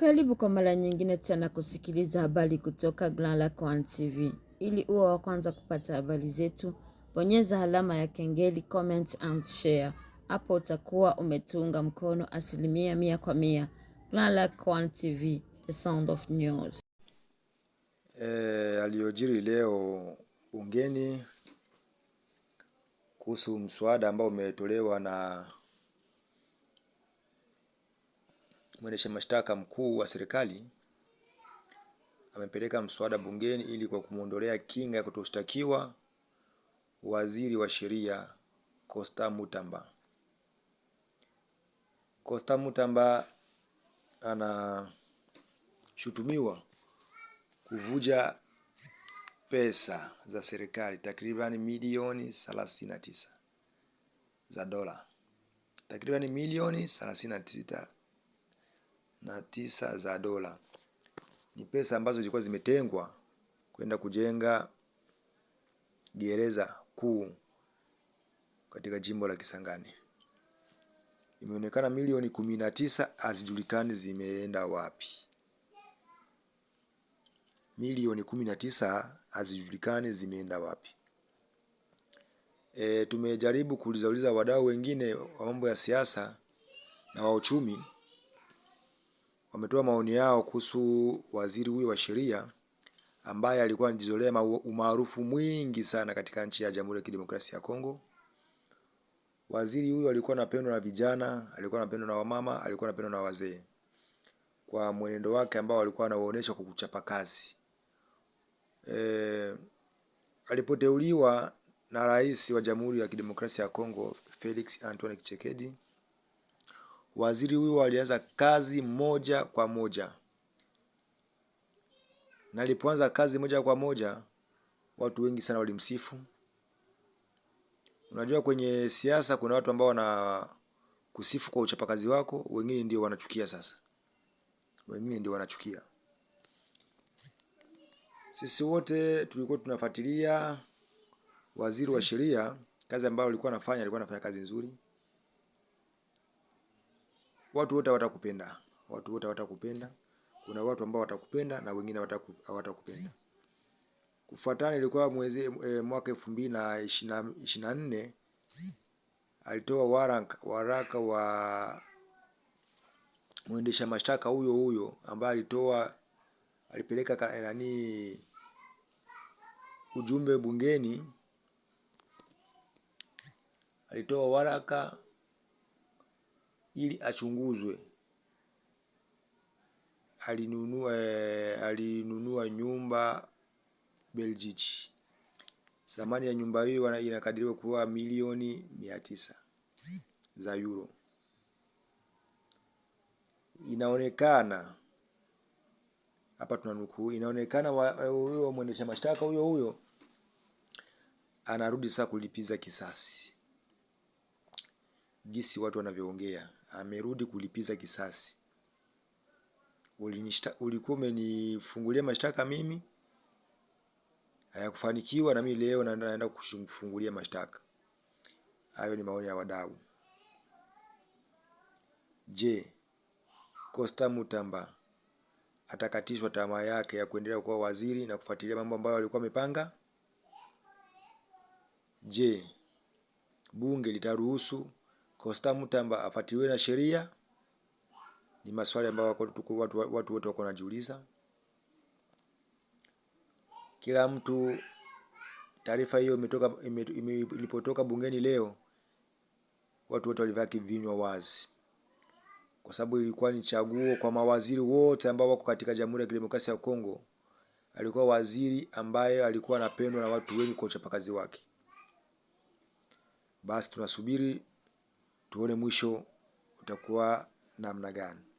Karibu kwa mara nyingine tena kusikiliza habari kutoka Grand Lac One TV. Ili uwe wa kwanza kupata habari zetu, bonyeza alama ya kengeli, comment and share. Hapo utakuwa umetunga mkono asilimia mia kwa mia. Grand Lac One TV, the sound of news. Eh, aliyojiri leo bungeni kuhusu mswada ambao umetolewa na Mwendesha mashtaka mkuu wa serikali amepeleka mswada bungeni ili kwa kumwondolea kinga ya kutoshtakiwa waziri wa sheria Costa Mutamba. Costa Mutamba anashutumiwa kuvuja pesa za serikali takribani milioni 39 za dola, takriban milioni 36 na tisa za dola. Ni pesa ambazo zilikuwa zimetengwa kwenda kujenga gereza kuu katika jimbo la Kisangani. Imeonekana milioni kumi na tisa hazijulikani zimeenda wapi. Milioni kumi na tisa hazijulikani zimeenda wapi. E, tumejaribu kuulizauliza wadau wengine wa mambo ya siasa na wa uchumi wametoa maoni yao kuhusu waziri huyo wa sheria ambaye alikuwa anajizolea umaarufu mwingi sana katika nchi ya Jamhuri ya Kidemokrasia ya Kongo. Waziri huyo alikuwa anapendwa na vijana, alikuwa anapendwa na wamama, alikuwa anapendwa na wazee kwa mwenendo wake ambao alikuwa anaonesha kwa kuchapa kazi. E, alipoteuliwa na rais wa Jamhuri ya Kidemokrasia ya Kongo Felix Antoine Tshisekedi Waziri huyo alianza kazi moja kwa moja, na alipoanza kazi moja kwa moja, watu wengi sana walimsifu. Unajua, kwenye siasa kuna watu ambao wana kusifu kwa uchapakazi wako, wengine ndio wanachukia. Sasa wengine ndio wanachukia. Sisi wote tulikuwa tunafuatilia waziri wa sheria, kazi ambayo alikuwa anafanya, alikuwa anafanya kazi nzuri watu wote watakupenda, watu wote watakupenda. Kuna watu ambao watakupenda na wengine hawatakupenda. Kufuatana ilikuwa mwezi e, mwaka elfu mbili na ishirini na nne alitoa waraka, waraka wa mwendesha mashtaka huyo huyo ambaye alitoa alipeleka eh, nani ujumbe bungeni, alitoa waraka ili achunguzwe. Alinunua, eh, alinunua nyumba Belgiji. Thamani ya nyumba hiyo inakadiriwa kuwa milioni mia tisa za euro. Inaonekana hapa tunanukuu, inaonekana huyo mwendesha mashtaka huyo huyo anarudi sasa kulipiza kisasi, gisi watu wanavyoongea amerudi kulipiza kisasi. Ulikuwa umenifungulia mashtaka mimi, hayakufanikiwa, na mimi leo naenda kufungulia mashtaka hayo. Ni maoni ya wadau. Je, Costa Mutamba atakatishwa tamaa yake ya kuendelea kuwa waziri na kufuatilia mambo ambayo alikuwa amepanga? Je, bunge litaruhusu Costa Mutamba afuatiliwe na sheria. Ni maswali ambayo watu wote wako watu wanajiuliza. Kila mtu taarifa hiyo imetoka ilipotoka bungeni leo, watu wote walivaa kivinywa wazi, kwa sababu ilikuwa ni chaguo kwa mawaziri wote ambao wako katika Jamhuri ya Kidemokrasia ya Kongo. Alikuwa waziri ambaye alikuwa anapendwa na watu wengi kwa uchapakazi wake. Basi tunasubiri tuone mwisho utakuwa namna gani.